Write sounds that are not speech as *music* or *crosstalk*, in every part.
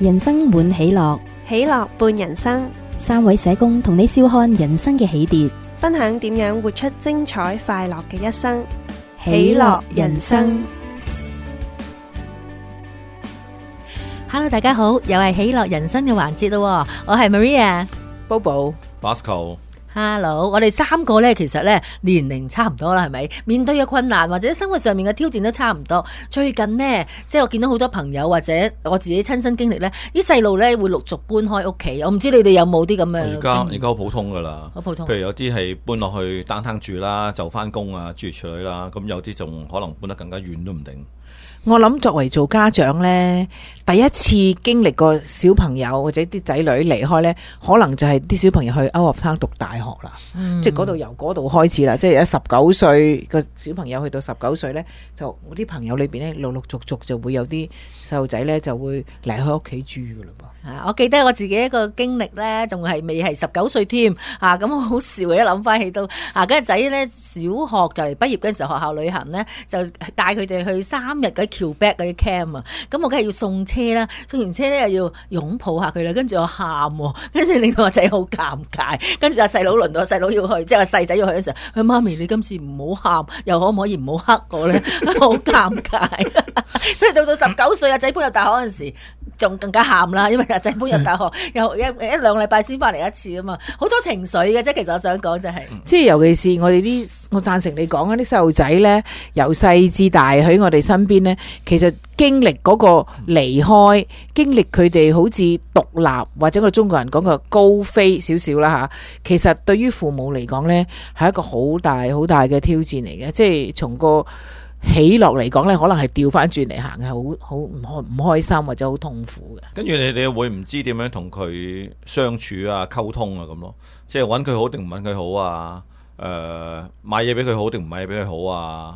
人生滿喜樂，喜樂伴人生。三位社工同你笑看人生嘅起跌，分享點樣活出精彩快樂嘅一生。喜樂人生，Hello，大家好，又係喜樂人生嘅環節喇喎。我係 Maria，Bobo，Bosco。Hello，我哋三個咧，其實咧年齡差唔多啦，係咪？面對嘅困難或者生活上面嘅挑戰都差唔多。最近呢，即係我見到好多朋友或者我自己親身經歷咧，啲細路咧會陸續搬開屋企。我唔知你哋有冇啲咁嘅？而家而家好普通噶啦，好普通。譬如有啲係搬落去單攤住啦，就返工啊，住住女啦。咁有啲仲可能搬得更加遠都唔定。我諗作為做家長呢，第一次經歷過小朋友或者啲仔女離開呢，可能就係啲小朋友去歐亞山讀大學啦、嗯，即係嗰度由嗰度開始啦，即係一十九歲個小朋友去到十九歲呢，就我啲朋友裏邊呢，陸陸續續就會有啲細路仔呢，就會嚟去屋企住噶啦。我記得我自己一個經歷呢，仲係未係十九歲添啊，咁、嗯、好笑啊！一諗翻起到啊，嗰個仔呢，小學就嚟畢業嗰陣時，學校旅行呢，就帶佢哋去三日嘅橋 back 嗰啲 cam 啊，咁我梗係要送車啦，送完車咧又要擁抱下佢啦，跟住我喊，跟住令到我仔好尷尬，跟住阿細佬輪到細佬要去，即係阿細仔要去嘅時候，佢媽咪你今次唔好喊，又可唔可以唔好黑我咧？好尷 *laughs* 尷尬，所 *laughs* 以到到十九歲阿仔搬入大學嗰陣時，仲更加喊啦，因為阿仔搬入大學又一一兩個禮拜先翻嚟一次啊嘛，好多情緒嘅，即係其實我想講就係、是，即係尤其是我哋啲，我贊成你講啊，啲細路仔咧由細至大喺我哋身邊。邊咧，其實經歷嗰個離開，經歷佢哋好似獨立或者個中國人講嘅高飛少少啦吓，其實對於父母嚟講咧，係一個好大好大嘅挑戰嚟嘅，即係從個起落嚟講咧，可能係調翻轉嚟行，好好唔開唔開心或者好痛苦嘅。跟住你你會唔知點樣同佢相處啊、溝通啊咁咯，即係搵佢好定唔搵佢好啊？誒，買嘢俾佢好定唔買嘢俾佢好啊？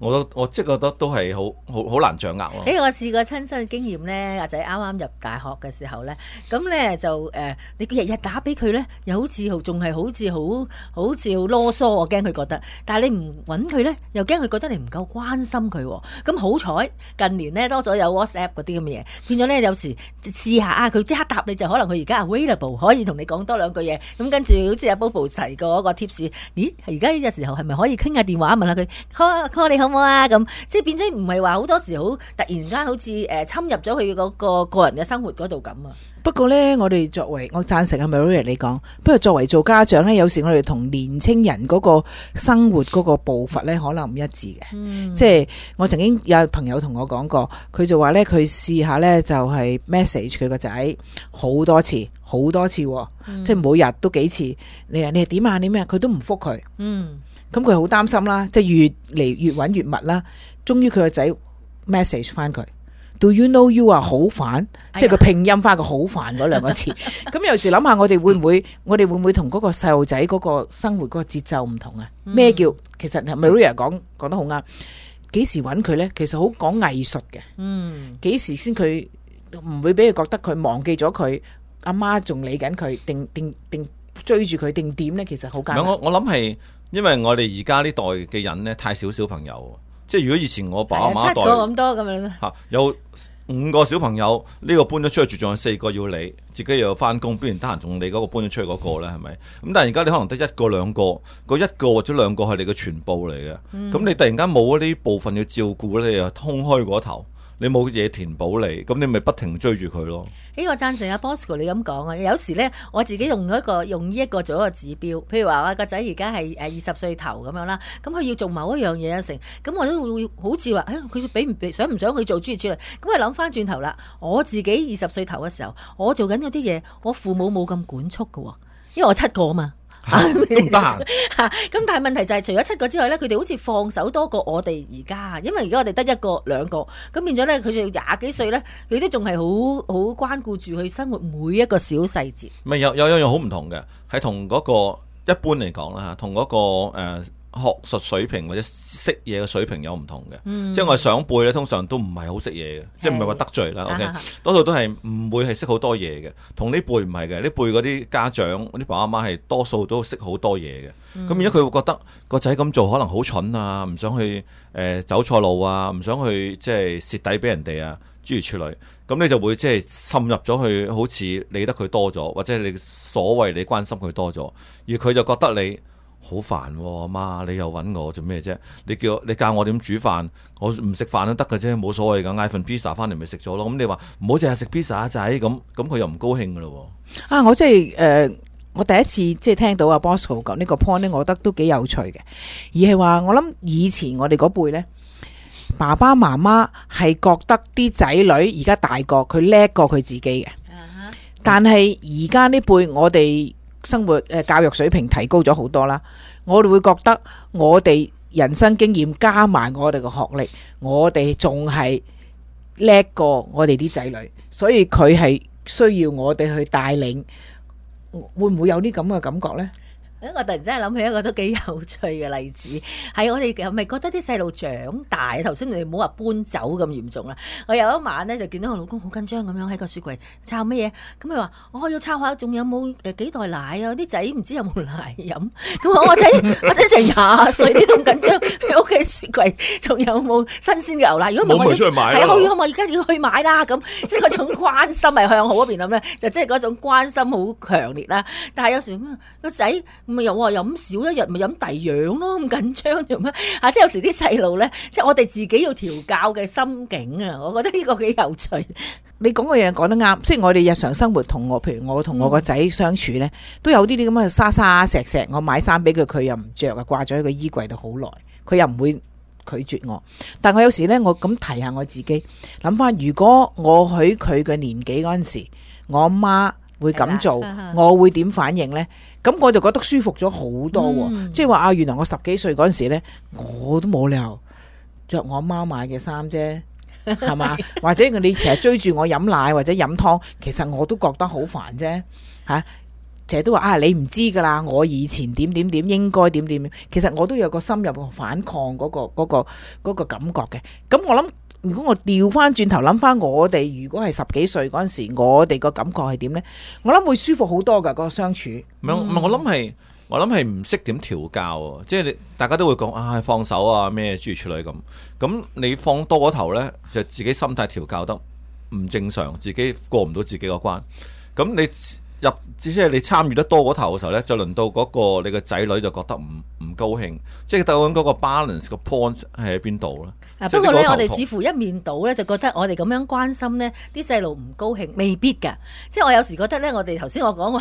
我都我即覺得都係好好好難掌握咯。誒，hey，我試過親身嘅經驗咧，阿仔啱啱入大學嘅時候咧，咁咧就誒、呃，你日日打俾佢咧，又好似仲係好似好好似好囉嗦，我驚佢覺得。但係你唔揾佢咧，又驚佢覺得你唔夠關心佢。咁好彩近年咧多咗有 WhatsApp 嗰啲咁嘅嘢，變咗咧有時試下啊，佢即刻答你就可能佢而家 available 可以同你講多兩句嘢。咁跟住好似阿 Bobo 提過嗰個貼士，咦？而家呢個時候係咪可以傾下電話問下佢？Co Co 你好。咁即係變咗，唔係話好多時好突然間好似誒、呃，侵入咗佢嗰個個人嘅生活嗰度咁啊。不過咧，我哋作為我贊成阿、啊、Mary 你講，不過作為做家長咧，有時我哋同年青人嗰個生活嗰個步伐咧，可能唔一致嘅。嗯、即係我曾經有個朋友同我講過，佢就話咧，佢試下咧就係、是、message 佢個仔好多次，好多次、哦，嗯、即係每日都幾次。你，你啊，你係點啊？你咩？佢都唔覆佢。嗯，咁佢好擔心啦，即係越嚟越搵越密啦。終於佢個仔 message 翻佢。Do you know you 啊，好煩，即係個拼音返個好煩嗰兩個字。咁有時諗下，我哋會唔會我哋會唔會同嗰個細路仔嗰個生活嗰個節奏唔同啊？咩叫？其實 Maria 講講得好啱。幾時搵佢呢？其實好講藝術嘅。嗯。幾時先佢唔會俾佢覺得佢忘記咗佢阿媽仲理緊佢，定定定追住佢定點呢？其實好簡單。我我諗係因為我哋而家呢代嘅人呢太少小朋友。即係如果以前我爸阿媽代咁多咁樣，咧嚇有五個小朋友呢，呢個搬咗出去住，仲有四個要你自己又翻工，不然得閒仲你嗰個搬咗出去嗰個咧係咪？咁但係而家你可能得一個兩個，嗰一個或者兩個係你嘅全部嚟嘅，咁、嗯、你突然間冇咗啲部分要照顧咧，你又通開嗰頭。你冇嘢填補你，咁你咪不停追住佢咯。呢個、hey, 我贊成阿、啊、Bosco 你咁講啊，有時咧我自己用一個用依一個做一個指標，譬如話我個仔而家係誒二十歲頭咁樣啦，咁佢要做某一樣嘢成，咁我都會好似話，誒佢俾唔俾想唔想去做專業處理，咁我諗翻轉頭啦，我自己二十歲頭嘅時候，我做緊嗰啲嘢，我父母冇咁管束嘅，因為我七個啊嘛。都唔得閒，咁 *laughs* *laughs* 但係問題就係除咗七個之外咧，佢哋好似放手多過我哋而家，因為而家我哋得一個兩個，咁變咗咧，佢哋廿幾歲咧，佢都仲係好好關顧住佢生活每一個小細節。咪 *laughs* 有有樣好唔同嘅，係同嗰個一般嚟講啦，同嗰、嗰個誒。呃學術水平或者識嘢嘅水平有唔同嘅，嗯、即係我哋上輩咧，通常都唔係好識嘢嘅，是即係唔係話得罪啦。OK，、啊、多數都係唔會係識好多嘢嘅。同呢輩唔係嘅，呢輩嗰啲家長、啲爸阿媽係多數都識好多嘢嘅。咁而家佢會覺得個仔咁做可能好蠢啊，唔想去誒、呃、走錯路啊，唔想去即係蝕底俾人哋啊，諸如此類。咁你就會即係深入咗去，好似理得佢多咗，或者你所謂你關心佢多咗，而佢就覺得你。好煩喎，阿媽，你又搵我做咩啫？你叫我，你教我點煮飯，我唔食飯都得嘅啫，冇所謂噶。嗌份 pizza 翻嚟咪食咗咯。咁、嗯、你話唔好淨係食 pizza、啊、仔咁，咁佢又唔高興噶咯。啊，我即係誒，我第一次、呃、第一次即係聽到阿 Bosco 講呢個 point 呢，我覺得都幾有趣嘅。而係話我諗以前我哋嗰輩呢，爸爸媽媽係覺得啲仔女而家大個，佢叻過佢自己嘅。Uh huh. 但係而家呢輩我哋。生活誒教育水平提高咗好多啦，我哋會覺得我哋人生經驗加埋我哋嘅學歷，我哋仲係叻過我哋啲仔女，所以佢係需要我哋去帶領，會唔會有啲咁嘅感覺咧？我突然之間諗起一個都幾有趣嘅例子，係我哋係咪覺得啲細路長大？頭先你冇話搬走咁嚴重啦。我有一晚咧就見到我老公好緊張咁樣喺個雪櫃抄乜嘢？咁佢話：我要抄下，仲有冇誒幾袋奶啊？啲仔唔知有冇奶飲？咁我仔我仔成廿歲都咁緊張，屋企雪櫃仲有冇新鮮嘅牛奶？如果冇，我出去買啊！係啊，可以可唔可以而家要去買啦？咁即係嗰種關心係向好嗰邊諗咧，就即係嗰種關心好強烈啦。但係有時個仔咪又話飲少一日咪飲第二樣咯，咁緊張做、啊、咩？啊！即係有時啲細路咧，即係我哋自己要調教嘅心境啊！我覺得呢個幾有趣。你講嘅嘢講得啱，即係我哋日常生活同我，譬如我同我個仔相處咧，都有啲啲咁嘅沙沙石石石。我買衫俾佢，佢又唔着啊，掛咗喺個衣櫃度好耐，佢又唔會拒絕我。但係我有時咧，我咁提下我自己，諗翻如果我喺佢嘅年紀嗰陣時，我阿媽。會咁做，我會點反應呢？咁我就覺得舒服咗好多喎，哦。即係話啊，原來我十幾歲嗰陣時呢，我都冇理由着我阿媽買嘅衫啫，係嘛？ *laughs* 或者你成日追住我飲奶或者飲湯，其實我都覺得好煩啫。吓，成日都話啊，你唔知噶啦，我以前點點點應該點點點。其實我都有個深入反抗嗰個、嗰個、嗰個、嗰個感覺嘅。咁我諗。如果我調翻轉頭諗翻我哋，如果係十幾歲嗰陣時，我哋個感覺係點呢？我諗會舒服好多噶，個相處。唔係、嗯、我諗係，我諗係唔識點調教啊！即係你大家都會講啊，放手啊，咩諸如此類咁。咁你放多頭呢，就自己心態調教得唔正常，自己過唔到自己個關。咁你。入，即係你參與得多嗰頭嘅時候咧，就輪到嗰個你個仔女就覺得唔唔高興，即係睇緊嗰個 balance point，啊、個 point 係喺邊度啦。不過咧，我哋似乎一面倒咧，嗯、就覺得我哋咁樣關心呢啲細路唔高興，未必㗎。即係我有時覺得咧，我哋頭先我 *laughs* 講我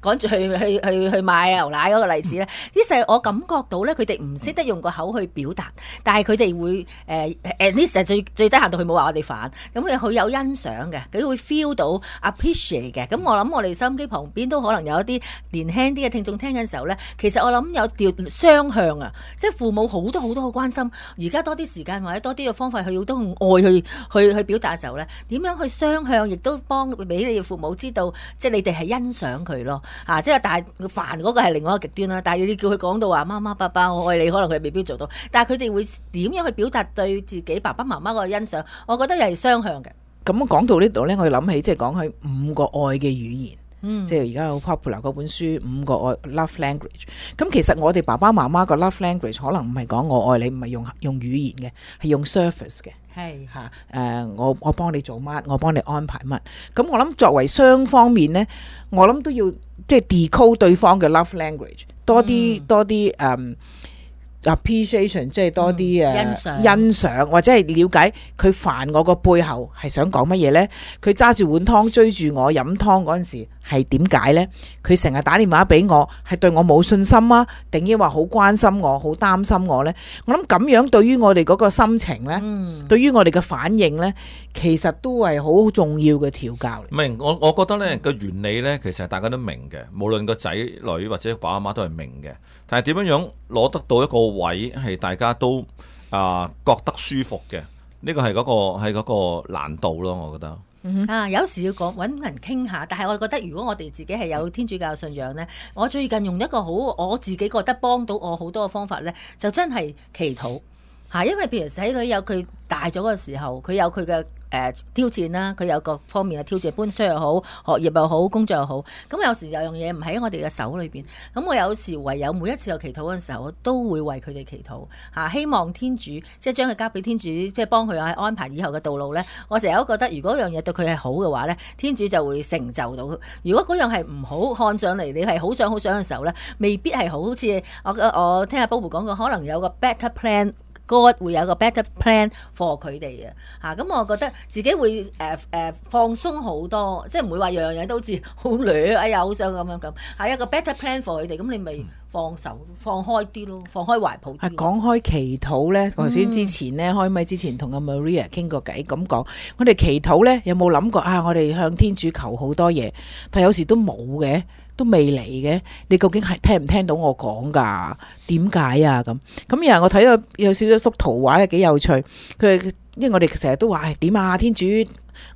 趕住去去去去買牛奶嗰個例子咧，啲細、嗯、我感覺到咧，佢哋唔識得用個口去表達，嗯、但係佢哋會誒誒呢，at least，呃、最最低限度佢冇話我哋煩，咁你佢有欣賞嘅，佢會 feel 到 appreciate 嘅。咁我諗我哋。心音機旁邊都可能有一啲年輕啲嘅聽眾聽嘅時候咧，其實我諗有調雙向啊，即係父母好多好多嘅關心，而家多啲時間或者多啲嘅方法去用多愛去去去表達嘅時候咧，點樣去雙向，亦都幫俾你嘅父母知道，即係你哋係欣賞佢咯，啊，即係但係煩嗰個係另外一個極端啦，啊，但係你叫佢講到話媽媽爸爸我愛你，可能佢未必做到，但係佢哋會點樣去表達對自己爸爸媽媽個欣賞，我覺得又係雙向嘅。咁講到呢度咧，我諗起即係講起五個愛嘅語言。嗯、即係而家好 popular 嗰本書《五個愛 Love Language》咁，其實我哋爸爸媽媽個 Love Language 可能唔係講我愛你，唔係用用語言嘅，係用 service 嘅係吓。誒、啊，我我幫你做乜？我幫你安排乜？咁我諗作為雙方面呢，我諗都要即係 decode 對方嘅 Love Language 多啲、嗯、多啲誒、um, appreciation，即係多啲誒、uh, 嗯、欣賞，欣賞或者係了解佢煩我個背後係想講乜嘢呢。佢揸住碗湯追住我飲湯嗰陣時。係點解呢？佢成日打電話俾我，係對我冇信心啊？定依話好關心我、好擔心我呢？我諗咁樣對於我哋嗰個心情呢，嗯、對於我哋嘅反應呢，其實都係好重要嘅調教。明係我，我覺得呢個原理呢，其實大家都明嘅，無論個仔女或者阿爸阿媽都係明嘅。但係點樣樣攞得到一個位，係大家都啊、呃、覺得舒服嘅？呢、嗰個係嗰個係個難度咯，我覺得。啊，有時要講揾人傾下，但係我覺得如果我哋自己係有天主教信仰呢，我最近用一個好我自己覺得幫到我好多嘅方法呢，就真係祈禱嚇，啊，因為譬如仔女有佢大咗嘅時候，佢有佢嘅。誒、呃，挑戰啦，佢有各方面嘅挑戰，搬出又好，學業又好，工作又好。咁有時有樣嘢唔喺我哋嘅手裏邊，咁我有時唯有每一次有祈禱嗰陣時候，我都會為佢哋祈禱吓、啊，希望天主即係將佢交俾天主，即係幫佢去安排以後嘅道路咧。我成日都覺得，如果樣嘢對佢係好嘅話咧，天主就會成就到；如果嗰樣係唔好，看上嚟你係好想好想嘅時候咧，未必係好似我我，我聽阿 Bob 講過，可能有個 better plan。God 會有個 better plan for 佢哋嘅嚇，咁我覺得自己會誒誒放鬆好多，即係唔會話樣樣嘢都好似好攣，哎呀好想咁樣咁，係一個 better plan for 佢哋，啊，咁你咪放手放開啲咯，放開懷抱啲。講開祈禱咧，頭先之前咧開咪之前同阿 Maria 傾過偈咁講，我哋祈禱咧有冇諗過啊？我哋向天主求好多嘢，但有時都冇嘅。都未嚟嘅，你究竟係聽唔聽到我講噶？點解啊？咁咁，然後我睇到有少少一幅圖畫咧，幾有趣。佢因為我哋成日都話誒，點啊？天主，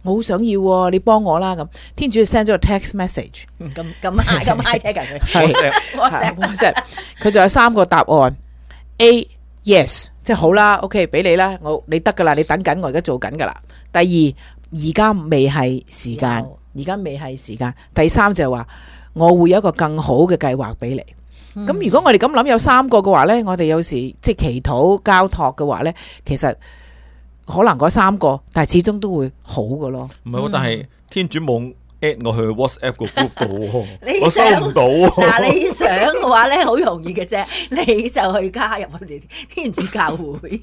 我好想要，你幫我啦咁。天主 send 咗個 text message，咁咁 high 咁 high 聽緊佢，我 send 我 send 佢就有三個答案 A yes，即係好啦，OK，俾你啦，我你得噶啦，你等緊我而家做緊噶啦。第二而家未係時間，而家未係時間。第三就係話。我會有一個更好嘅計劃俾你。咁如果我哋咁諗有三個嘅話呢，我哋有時即係祈禱交託嘅話呢，其實可能嗰三個，但係始終都會好嘅咯。唔係、嗯，但係天主夢。我去 WhatsApp 個 group， *laughs* 你想我收唔到。嗱、 *laughs* 啊，你想嘅話咧，好容易嘅啫，你就去加入我哋天主教會，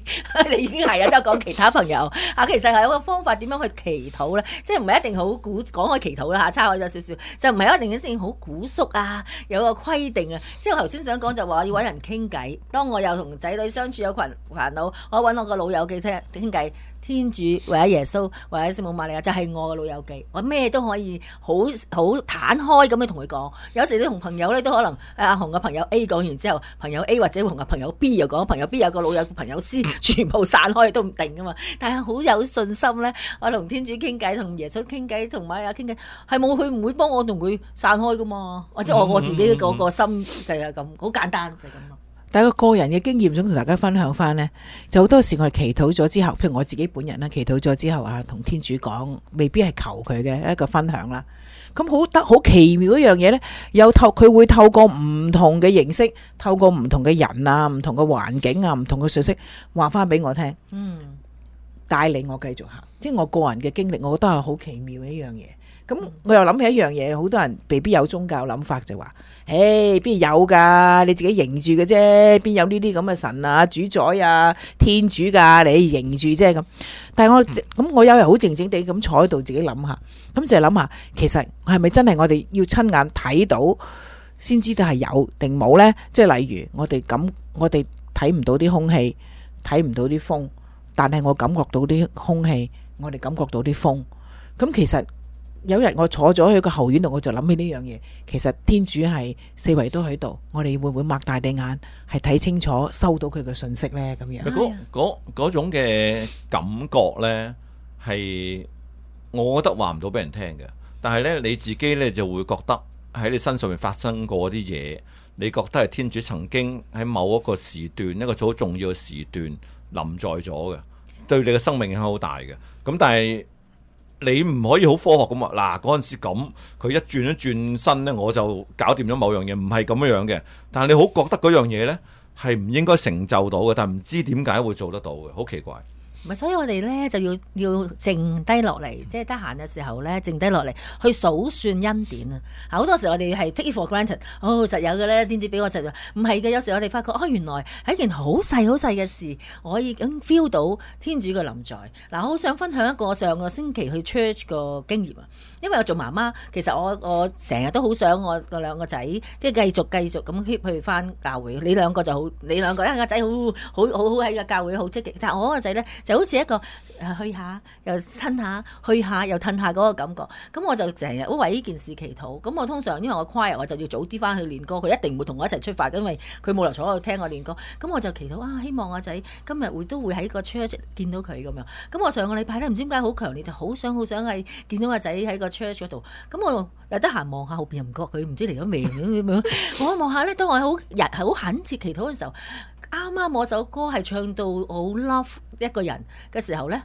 *laughs* 你已經係啊。即係講其他朋友啊，其實係有個方法點樣去祈禱咧，即係唔係一定好古講開祈禱啦吓，差我有少少就唔係一定一定好古肅啊，有個規定啊。即係我頭先想講就話要搵人傾偈，當我又同仔女相處有群煩惱，我搵我個老友記聽傾偈，天主或者耶穌或者聖母瑪利亞就係、是、我個老友記，我咩都可以。好好坦開咁樣同佢講，有時你同朋友咧都可能阿紅嘅朋友 A 講完之後，朋友 A 或者同個朋友 B 又講，朋友 B 有個老友朋友 C，全部散開都唔定噶嘛。但係好有信心咧，我同天主傾偈，同耶穌傾偈，同埋瑪利亞傾偈，係冇佢唔會幫我同佢散開噶嘛。嗯嗯嗯。或者我我自己個個心就係咁，好簡單就係咁。但係個個人嘅經驗想同大家分享翻呢，就好多時我哋祈禱咗之後，譬如我自己本人啦，祈禱咗之後啊，同天主講，未必係求佢嘅一個分享啦。咁好得好奇妙一樣嘢呢，又透佢會透過唔同嘅形式，透過唔同嘅人啊，唔同嘅環境啊，唔同嘅信息，話翻俾我聽，嗯，帶領我繼續行。即係我個人嘅經歷，我覺得係好奇妙嘅一樣嘢。咁我又諗起一樣嘢，好多人未必有宗教諗法，就話誒，邊有噶？你自己認住嘅啫，邊有呢啲咁嘅神啊、主宰啊、天主噶你認住啫咁。但係我咁，我有日好靜靜地咁坐喺度，自己諗下，咁就諗下，其實係咪真係我哋要親眼睇到先知道係有定冇呢？即係例如我哋咁，我哋睇唔到啲空氣，睇唔到啲風，但係我感覺到啲空氣，我哋感覺到啲風，咁其實。有日我坐咗去個後院度，我就諗起呢樣嘢。其實天主係四圍都喺度，我哋會唔會擘大對眼係睇清楚，收到佢嘅信息呢？咁樣嗰嗰嗰種嘅感覺呢，係我覺得話唔到俾人聽嘅。但係呢，你自己呢就會覺得喺你身上面發生過啲嘢，你覺得係天主曾經喺某一個時段，一個好重要嘅時段臨在咗嘅，對你嘅生命影響好大嘅。咁但係。你唔可以好科學咁話，嗱嗰陣時咁，佢一轉一轉身咧，我就搞掂咗某樣嘢，唔係咁樣嘅。但係你好覺得嗰樣嘢咧，係唔應該成就到嘅，但係唔知點解會做得到嘅，好奇怪。唔係，所以我哋咧就要要靜低落嚟，即係得閒嘅時候咧，靜低落嚟去數算恩典啊！好多時我哋係 take for granted，哦，實有嘅咧，天主俾我實在，唔係嘅。有時我哋發覺，哦，原來係件好細好細嘅事，我已經 feel 到天主嘅臨在。嗱、啊，我好想分享一個上個星期去 church 個經驗啊，因為我做媽媽，其實我我成日都好想我個兩個仔即係繼續繼續咁 keep 去翻教會。你兩個就好，你兩個啊，個仔好好好好，喺個教會好積極，但係我個仔咧。就好似一個、呃、去下又伸下，去下，去下又吞下嗰個感覺。咁我就成日為呢件事祈禱。咁我通常因為我跨日我就要早啲翻去練歌，佢一定唔會同我一齊出發，因為佢冇留坐喺度聽我練歌。咁我就祈禱，哇、啊！希望我仔今日會都會喺個 church 見到佢咁樣。咁我上個禮拜咧，唔知點解好強烈，就好想好想係見到個仔喺個 church 嗰度。咁我又得閒望下後邊，又唔覺佢，唔知嚟咗未，我望下咧，當我好日，係好懇切祈禱嘅時候。啱啱我首歌係唱到好 love 一個人嘅時候咧，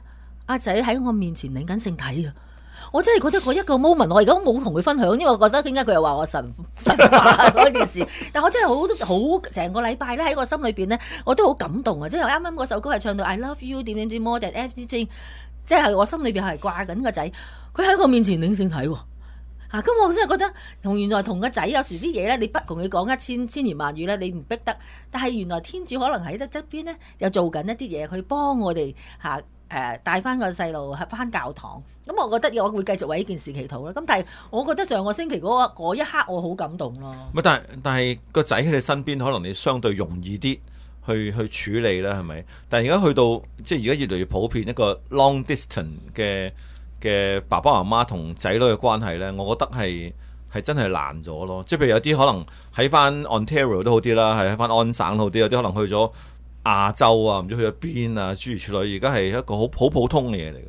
阿、啊、仔喺我面前領緊聖體啊！我真係覺得嗰一個 moment，我而家都冇同佢分享，因為我覺得點解佢又話我神神化嗰件事。 *laughs* 但我真係好好成個禮拜咧，喺我心裏邊咧，我都好感動啊！即係啱啱嗰首歌係唱到 I love you 點點點，more than everything，即係我心裏邊係掛緊個仔，佢喺我面前領聖體。嗱，咁、啊、我真係覺得同原來同個仔有時啲嘢咧，你不同佢講一千千言萬語咧，你唔逼得。但係原來天主可能喺得側邊咧，又做緊一啲嘢，佢幫我哋嚇誒帶翻個細路翻教堂。咁、嗯、我覺得我會繼續為呢件事祈禱啦。咁但係我覺得上個星期嗰、那個、一刻我好感動咯。但係但係個仔喺你身邊，可能你相對容易啲去去、去處理啦，係咪？但係而家去到即係而家越嚟越普遍一個 long distance 嘅。嘅爸爸媽媽同仔女嘅關係呢，我覺得係係真係難咗咯。即係譬如有啲可能喺翻 Ontario 都好啲啦，係喺翻安省好啲。有啲可能去咗亞洲啊，唔知去咗邊啊，諸如此類。而家係一個好好普，普通嘅嘢嚟嘅。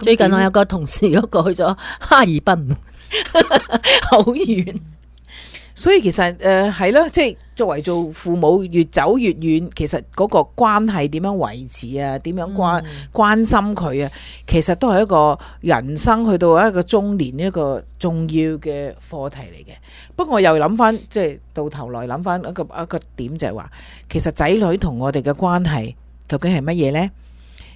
最近我有個同事嗰個去咗哈爾濱，好 *laughs* 遠。所以其實誒係咯，即係作為做父母越走越遠，其實嗰個關係點樣維持啊，點樣關關心佢啊，其實都係一個人生去到一個中年一個重要嘅課題嚟嘅。不過我又諗翻，即係到頭來諗翻一個一個點就係話，其實仔女同我哋嘅關係究竟係乜嘢呢？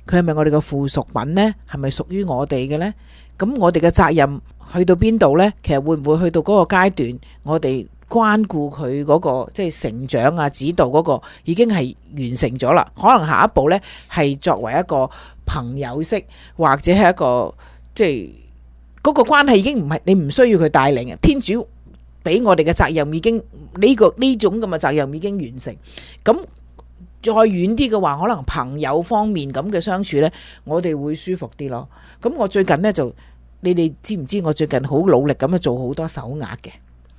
佢係咪我哋嘅附屬品呢？係咪屬於我哋嘅呢？咁我哋嘅責任去到邊度呢？其實會唔會去到嗰個階段，我哋關顧佢嗰個即係成長啊、指導嗰個已經係完成咗啦。可能下一步呢係作為一個朋友式，或者係一個即係嗰個關係已經唔係你唔需要佢帶領嘅。天主俾我哋嘅責任已經呢個呢種咁嘅責任已經完成。咁再遠啲嘅話，可能朋友方面咁嘅相處呢，我哋會舒服啲咯。咁我最近呢，就，你哋知唔知我最近好努力咁啊做好多手額嘅？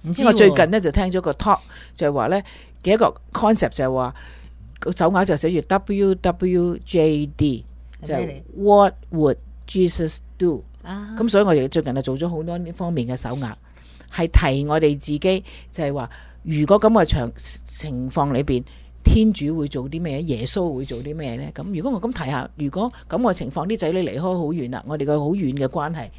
唔知、啊、因為我最近呢，就聽咗個 talk 就係話呢，嘅一個 concept 就係話個手額就寫住 W W J D 就 What would Jesus do？啊，咁所以我哋最近就做咗好多呢方面嘅手額，係提我哋自己就係話，如果咁嘅長情況裏邊。天主會做啲咩？耶穌會做啲咩呢？咁如果我咁睇下，如果咁個情況，啲仔女離開好遠啦，我哋個好遠嘅關係，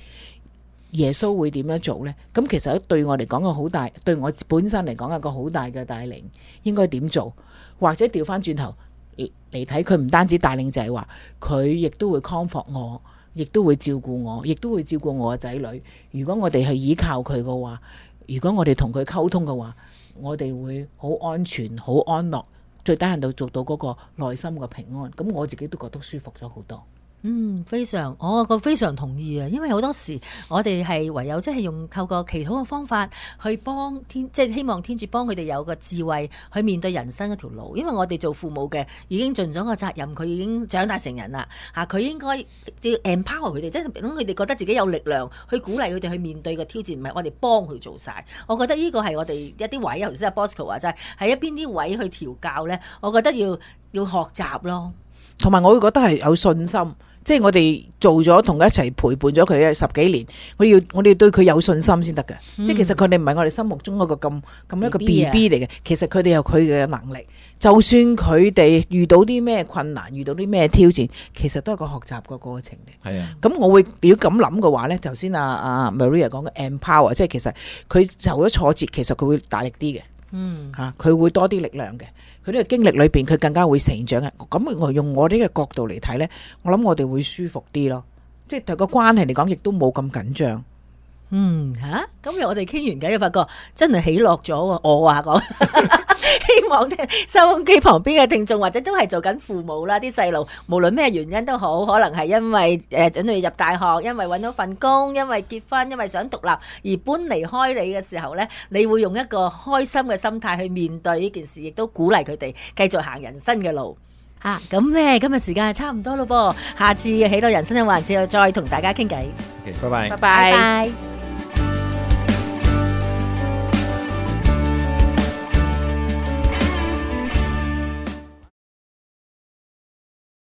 耶穌會點樣做呢？咁其實喺對我嚟講個好大，對我本身嚟講一個好大嘅帶領，應該點做？或者調翻轉頭嚟睇，佢唔單止帶領仔話，佢亦都會康復我，亦都會照顧我，亦都會照顧我嘅仔女。如果我哋係依靠佢嘅話，如果我哋同佢溝通嘅話，我哋會好安全、好安樂。最低限度做到嗰個內心嘅平安，咁我自己都覺得舒服咗好多。嗯，非常，我、哦、個非常同意啊！因為好多時我哋係唯有即係用透過祈禱嘅方法去幫天，即係希望天主幫佢哋有個智慧去面對人生嗰條路。因為我哋做父母嘅已經盡咗個責任，佢已經長大成人啦。吓，佢應該要 empower 佢哋，即係等佢哋覺得自己有力量去鼓勵佢哋去面對個挑戰，唔係我哋幫佢做晒。我覺得呢個係我哋一啲位，頭先阿 Bosco 話齋係喺一邊啲位去調教咧。我覺得要要學習咯，同埋我會覺得係有信心。即係我哋做咗同佢一齊陪伴咗佢嘅十幾年，我哋要我哋要對佢有信心先得嘅。嗯、即係其實佢哋唔係我哋心目中嗰個咁咁一個 B B 嚟嘅，其實佢哋有佢嘅能力。就算佢哋遇到啲咩困難，遇到啲咩挑戰，其實都係個學習個過程嚟。係是的 啊，咁我會如果咁諗嘅話呢，頭先啊阿 Maria 講嘅 Empower，即係其實佢受咗挫折，其實佢會大力啲嘅。嗯，吓佢、啊、會多啲力量嘅，佢呢個經歷裏邊佢更加會成長嘅。咁我用我呢個角度嚟睇呢，我諗我哋會舒服啲咯，即係對個關係嚟講亦都冇咁緊張。嗯、吓、啊、今日我哋傾完偈又發覺真係起落咗喎，我話講。 *laughs* *laughs* 希望咧，收音機旁邊嘅聽眾或者都係做緊父母啦，啲細路無論咩原因都好，可能係因為誒準備入大學，因為搵到份工，因為結婚，因為想獨立而搬離開你嘅時候咧，你會用一個開心嘅心態去面對呢件事，亦都鼓勵佢哋繼續行人生嘅路。吓咁咧，今日時間係差唔多咯噃，下次喺到人生嘅環節又再同大家傾偈。ok，拜拜，拜拜。